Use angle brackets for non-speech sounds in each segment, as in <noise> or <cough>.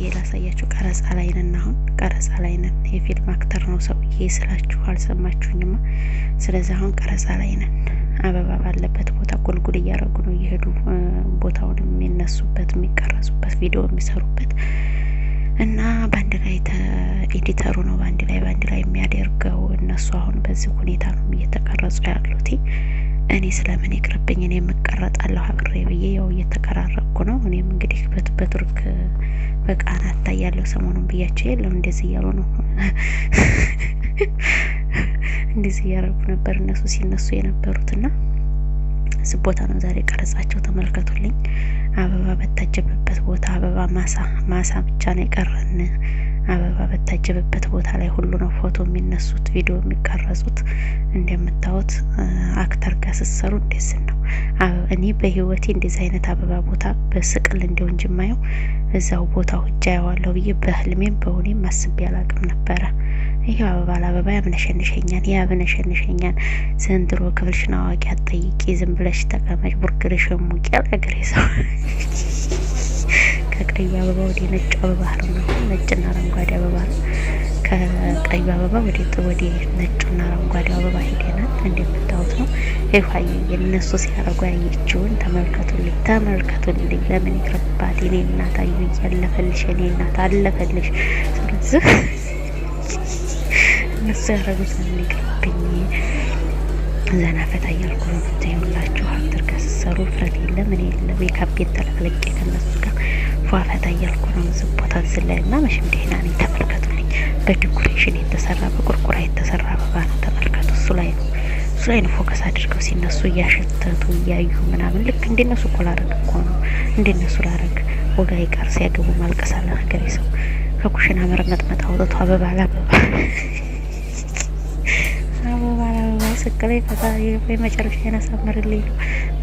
ብዬ ላሳያችሁ። ቀረጻ ላይ ነን፣ አሁን ቀረጻ ላይ ነን። የፊልም አክተር ነው ሰውዬ ስላችሁ አልሰማችሁኝማ። ስለዚህ አሁን ቀረጻ ላይ ነን። አበባ ባለበት ቦታ ጉልጉል እያደረጉ ነው እየሄዱ ቦታውን የሚነሱበት የሚቀረጹበት ቪዲዮ የሚሰሩበት እና በአንድ ላይ ኤዲተሩ ነው በአንድ ላይ በአንድ ላይ የሚያደርገው። እነሱ አሁን በዚህ ሁኔታ ነው እየተቀረጹ ያሉት። እኔ ስለምን ይቅርብኝ፣ እኔ የምቀረጣለሁ አብሬ ብዬ ያው እየተቀራረብኩ ነው። እኔም እንግዲህ በቱርክ በቃና አታያለሁ ሰሞኑን ብያቸው የለም እንደዚህ እያሉ ነው <laughs> እንደዚህ እያደረጉ ነበር እነሱ ሲነሱ የነበሩትና እዚህ ቦታ ነው ዛሬ ቀረጻቸው። ተመልከቱልኝ። አበባ በታጀበበት ቦታ አበባ ማሳ ማሳ ብቻ ነው የቀረን። አበባ በታጀበበት ቦታ ላይ ሁሉ ነው ፎቶ የሚነሱት፣ ቪዲዮ የሚቀረጹት። እንደምታዩት አክተር ጋር ስትሰሩ ነው። እኔ በህይወቴ እንደዚህ አይነት አበባ ቦታ በስቅል እንዲሆን እንጂ ማየው እዛው ቦታ እጃ ያዋለሁ ብዬ በህልሜም በሆኔም አስቤ አላቅም ነበረ። ይህ አበባ ለአበባ ያምነሸንሸኛል፣ ያምነሸንሸኛል። ዘንድሮ ክፍልሽን አዋቂ አትጠይቂ፣ ዝም ብለሽ ተቀመጭ፣ ቡርግርሽን ሙቂ። ያልሀገሬ ሰው ከቀዩ አበባ ወደ ነጭ አበባ ነው። ነጭና አረንጓዴ አበባ ነው። ከቀዩ አበባ ወደ ወደ ነጩና አረንጓዴ አበባ ሄደናል። እንደምታዩት ነው። ይፋይ የነሱ ሲያረጉ ያየችውን ተመልከቱልኝ፣ ተመልከቱልኝ። ለምን ይቅርባት? እኔ እናት አዩ እያለፈልሽ፣ እኔ እናት አለፈልሽ። ስለዚህ እነሱ ያረጉት ነው ዘና ፈታ እያልኩ ነው የምታዩላችሁ። ሀብትር ጋር ሲሰሩ ውፍረት የለም እኔ የለም የካቤት ተለቅልቄ ከነሱ ጋር ፏፈታ እያልኩ ነው ዝቦታ ዝላይ ና መሽም ደህና ነኝ። ተመልከቱልኝ። በዲኮሬሽን የተሰራ በቁርቁራ የተሰራ አበባ ነው። ተመልከቱ። እሱ ላይ ነው እሱ ላይ ነው ፎከስ አድርገው ሲነሱ እያሸተቱ እያዩ ምናምን ልክ እንደነሱ እኮ ላረግ እኮ ነው እንደነሱ ላረግ ወጋ ይቀር ሲያገቡ ማልቀሳለ ሀገሬ ሰው ከኩሽና መርመጥመጥ አውጥቶ አበባ ላበባ ስቅ ላይ ፈታ መጨረሻ ያናሳምርልኝ ነው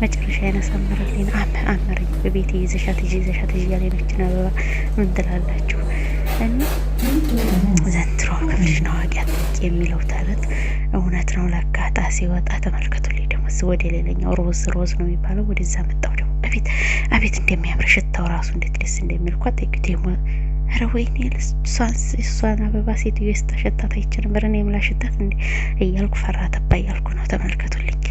መጨረሻ ያናሳምርልኝ ነው። አመ አመረኝ በቤት ይዘሻት ይዤ ይዘሻት ይዤ ያለ ነችን አበባ ምን ትላላችሁ? እና ዘንድሮ ክፍልሽ ነው አዋቂ አትወቂ የሚለው ተረት እውነት ነው ለካ ጣ ሲወጣ ተመልከቱልኝ። ደግሞ ወደ ሌላኛው ሮዝ ሮዝ ነው የሚባለው ወደዛ መጣው ደግሞ አቤት አቤት እንደሚያምር ሽታው ራሱ እንዴት ደስ እንደሚልኳት ደግሞ ኧረ ወይኔ እሷን አበባ ሴትዮ ስታሸታት እኔ ብረን የምላሽታት እንዴ እያልኩ ፈራ ተባ እያልኩ ነው። ተመልከቱልኝ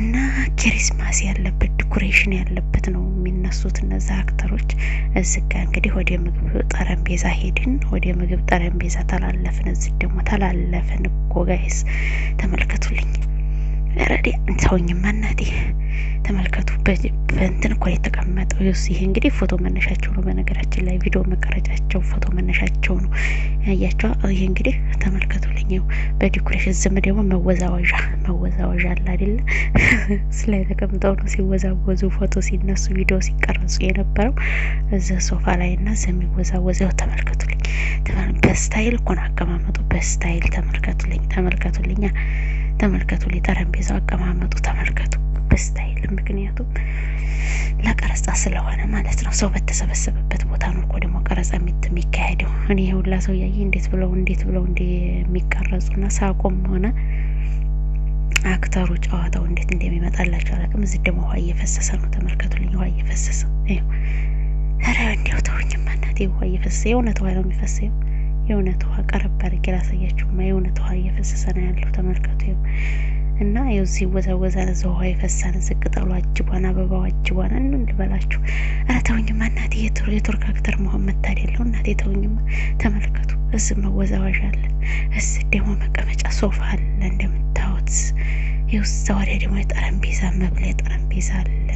እና ክሪስማስ ያለበት ዲኮሬሽን ያለበት ነው የሚነሱት እነዚ አክተሮች። እዝጋ እንግዲህ ወደ ምግብ ጠረጴዛ ሄድን። ወደ ምግብ ጠረጴዛ ተላለፍን። እዚህ ደግሞ ተላለፍን። ጎጋይስ ተመልከቱልኝ። ረዲ ሰውኝማ እናቴ ተመልከቱ። በእንትን እኮ የተቀመጠው ዩስ ይሄ እንግዲህ ፎቶ መነሻቸው ነው። በነገራችን ላይ ቪዲዮ መቀረጫቸው ፎቶ መነሻቸው ነው። ያያቸው ይሄ እንግዲህ ተመልከቱ። ልኝው በዲኮሬሽን ዝም ደግሞ መወዛወዣ መወዛወዣ አለ አይደለ? ስላይ <laughs> ተቀምጠው ነው ሲወዛወዙ ፎቶ ሲነሱ ቪዲዮ ሲቀረጹ የነበረው እዛ ሶፋ ላይ እና የሚወዛወዘው ተመልከቱልኝ። በስታይል እኮ ነው አቀማመጡ። በስታይል ተመልከቱልኝ፣ ተመልከቱልኛ ተመልከቱ፣ ጠረጴዛው አቀማመጡ ተመልከቱ በስታይል ምክንያቱም ለቀረጻ ስለሆነ ማለት ነው። ሰው በተሰበሰበበት ቦታ ነው እኮ ደግሞ ቀረጻ የሚካሄደው። እኔ የሁላ ሰው ያየ እንዴት ብለው እንዴት ብለው ና ሳቆም ሆነ አክተሩ ጨዋታው እንዴት እንደሚመጣላቸው አላውቅም። እዚህ ደግሞ ውሃ እየፈሰሰ ነው ተመልከቱልኝ። ውሃ እየፈሰሰ ረ እንዲያው ተውኝማ እናቴ ውሃ እየፈሰሰ የእውነት ውሃ ነው የሚፈሰየው። የእውነት ውሃ ቀረብ አድርጌ ላሳያችሁማ። የእውነት ውሃ እየፈሰሰ ነው ያለው ተመልከቱ። እና የዚ ይወዛወዛል፣ እዛ ውሃ ይፈሳል። ዝቅ ጠሉ አጅቧን፣ አበባው አጅቧን እን እንድበላችሁ። ኧረ ተውኝማ እናቴ፣ የቱርክ አክተር መሆን የለው እናቴ፣ ተውኝማ። ተመልከቱ፣ እዚህ መወዛወዣ አለ፣ እዚህ ደግሞ መቀመጫ ሶፋ አለ እንደምታዩት። የውዛ ወዲያ ደግሞ የጠረጴዛ መብላ የጠረጴዛ አለ።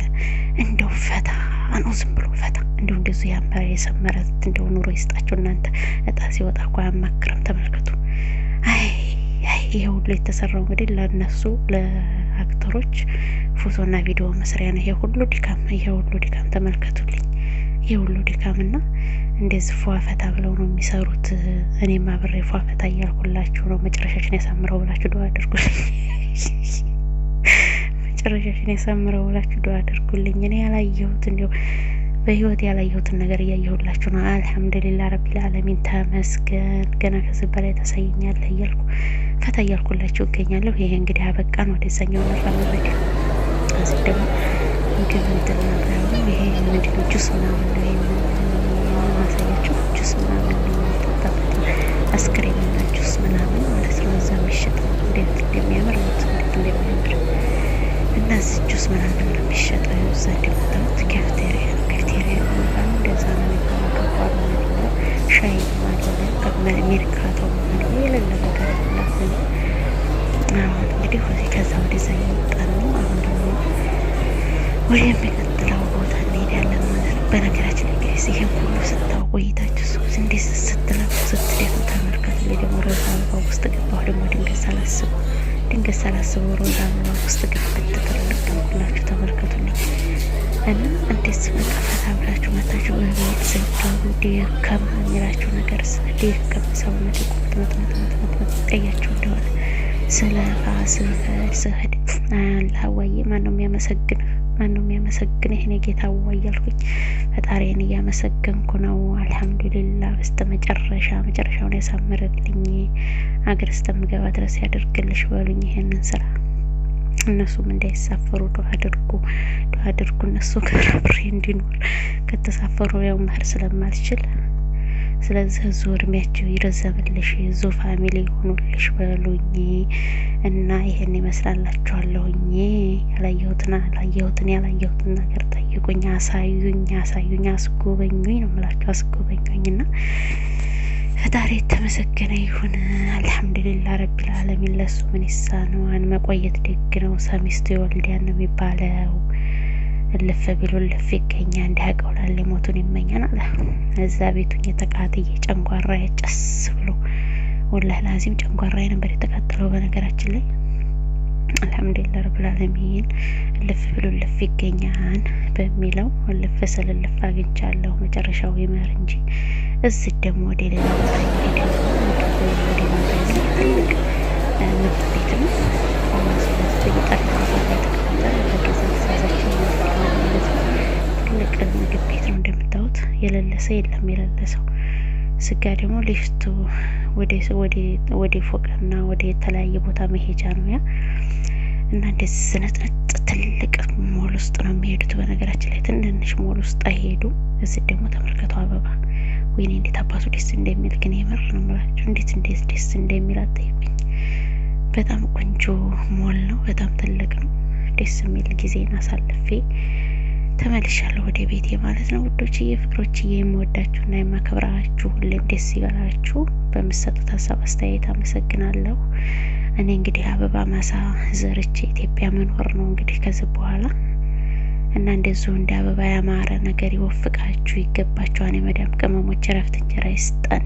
እንደው ፈታ ነው ዝም ብሎ ፈታ እንዲሁ እንደዚህ ያመረ የሰመረ እንደው ኑሮ ይስጣቸው እናንተ። እጣ ሲወጣ እኮ አያማክርም። ተመልከቱ። አይ ይሄ ሁሉ የተሰራው እንግዲህ ለእነሱ ለአክተሮች ፎቶና ቪዲዮ መስሪያ ነው። ይሄ ሁሉ ድካም፣ ይሄ ሁሉ ድካም ተመልከቱልኝ። ይሄ ሁሉ ድካምና እንደዚህ ፏፈታ ብለው ነው የሚሰሩት። እኔም አብሬ ፏፈታ እያልኩላችሁ ነው። መጨረሻችን ያሳምረው ብላችሁ ዱአ አድርጉልኝ። <laughs> መጨረሻሽን ያሳምረው ብላችሁ ዱአ አድርጉልኝ። እኔ ያላየሁት እንዲሁ በህይወት ያላየሁትን ነገር እያየሁላችሁ ነው። አልሐምዱሊላ ረቢል አለሚን ተመስገን። ገና ከዚህ በላይ ታሳየኛለህ እያልኩ ፈታ እያልኩላችሁ እገኛለሁ። ይሄ እንግዲህ አበቃን። ወደዛኛው መራመድ እዚህ ደግሞ ምግብ እንትን ይሄ ምንድን ጁስ ምናምን ነው ማሳያችሁ። ጁስ ምናምን ነው የሚጠጣበት አስክሬን መስመር አንዱ ነው የሚሸጠው እዛ እንደምታዩት ካፍቴሪያ ነው። ካፍቴሪያ የሚባለው እንደዛ ነው የሚባለው። ከባድ ማለት ነው። ሻይ ማለት ሜርካቶ ማለት ነው። የሌለ ነገር ማለት አሁን እንግዲህ ወደ ከዛ ወደዛ እየወጣን ነው። አሁን ደግሞ ወደሚቀጥለው ቦታ እንሄዳለን ማለት ነው። በነገራችን እንግዲህ ይህን ሁሉ ስታው ቆይታችሁ ሰዎች እንዴት ስትለፉ ስትደፉ ተመልከቱ። እኔ ደግሞ ሮዛ አበባ ውስጥ ገባሁ። ደግሞ ድንገት ሳላስበው ድንገት ሳላስበው ሮዛ አበባ ውስጥ ገባ ብትጥለ ሁላችሁ ተመልከቱልኝ እና እንዴት ስመጣ ፈታ ብላችሁ መታችሁ በቤት ዘዳሩ ደከም የሚላችሁ ነገር ደከም ሰውነት ቁመት መጥመጥ መጥመጥ ቀያቸው እንደሆነ ስለ ራስህ ስህድ አለ አዋዬ ማን ነው የሚያመሰግን? ማን ነው የሚያመሰግንህ? እኔ ጌታ አዋዬ ፈጣሪን እያመሰገንኩ ነው። አልሐምዱሊላ በስተ መጨረሻ መጨረሻውን ያሳምርልኝ፣ አገር እስከምገባ ድረስ ያደርግልሽ በሉኝ ይህንን ስራ እነሱም እንዳይሳፈሩ ዱዓ አድርጉ ዱዓ አድርጉ እነሱ ጋር አብሬ እንዲኖር ከተሳፈሩ ያው መህር ስለማልችል ስለዚህ እዙ እድሜያቸው ይረዘምልሽ እዙ ፋሚሊ ሆኑልሽ በሉኝ እና ይህን ይመስላላችኋለሁኝ። ያላየሁትና ያላየሁትን ያላየሁትን ነገር ጠይቁኝ፣ አሳዩኝ፣ አሳዩኝ፣ አስጎበኙኝ ነው ምላቸው አስጎበኙኝ ና ፈጣሪ የተመሰገነ ይሁን። አልሐምዱሊላ ረቢል ለሱ ምን ይሳነዋን? መቆየት ደግ ነው። ሰሚስቱ የወልዲያን ነው የሚባለው። እልፍ ብሎ እልፍ ይገኛል። እንዲህ አቀውላል ሞቱን ይመኛል አለ። እዛ ቤቱን የተቃጥዬ ጨንጓራ ጨስ ብሎ ወላህ ላዚም ጨንጓራ ነበር የተቃጠለው በነገራችን ላይ አልሐምዱሊላህ ረብል ዓለሚን ልፍ ብሎ እልፍ ይገኛል በሚለው ልፍ ስል እልፍ አግኝቻለሁ። መጨረሻው ይመር እንጂ እዚህ ደግሞ ወደ ሌላ ቦታ ትልቅ ምግብ ቤት ነው እንደምታዩት። የለለሰ የለም የለለሰው ስጋ ደግሞ ሊፍቱ ወደ ፎቅና ወደ የተለያየ ቦታ መሄጃ ነው ያ እና እንደዚህ ስነጥነጥ ትልቅ ሞል ውስጥ ነው የሚሄዱት። በነገራችን ላይ ትንንሽ ሞል ውስጥ አይሄዱ እዚህ ደግሞ ተመልከቱ አበባ ወይኔ እንዴት አባቱ ደስ እንደሚል ግን የምር ነው የምላችሁ። እንዴት እንዴት ደስ እንደሚል አጠይቁኝ። በጣም ቆንጆ ሞል ነው። በጣም ትልቅ ነው። ደስ የሚል ጊዜን አሳልፌ ተመልሻለሁ ወደ ቤቴ ማለት ነው ውዶችዬ፣ ፍቅሮችዬ፣ የምወዳችሁና የማከብራችሁ ሁሌም ደስ ይበላችሁ። በምሰጡት ሀሳብ አስተያየት አመሰግናለሁ። እኔ እንግዲህ አበባ ማሳ ዘርቼ ኢትዮጵያ መኖር ነው እንግዲህ ከዚህ በኋላ እና እንደዚሁ እንደ አበባ ያማረ ነገር ይወፍቃችሁ፣ ይገባችኋን የመዳም ቅመሞች እረፍት እንጀራ ይስጠን።